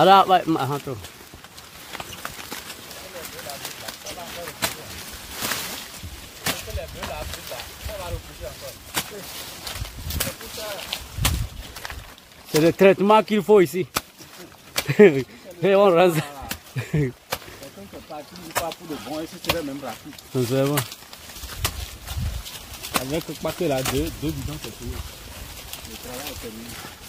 અરે ભાઈ હા તો Você trata mais que foi sim. É um ranzo. Não sei, mano. Avec le paquet là, deux, deux bidons, c'est tout. Le travail est terminé.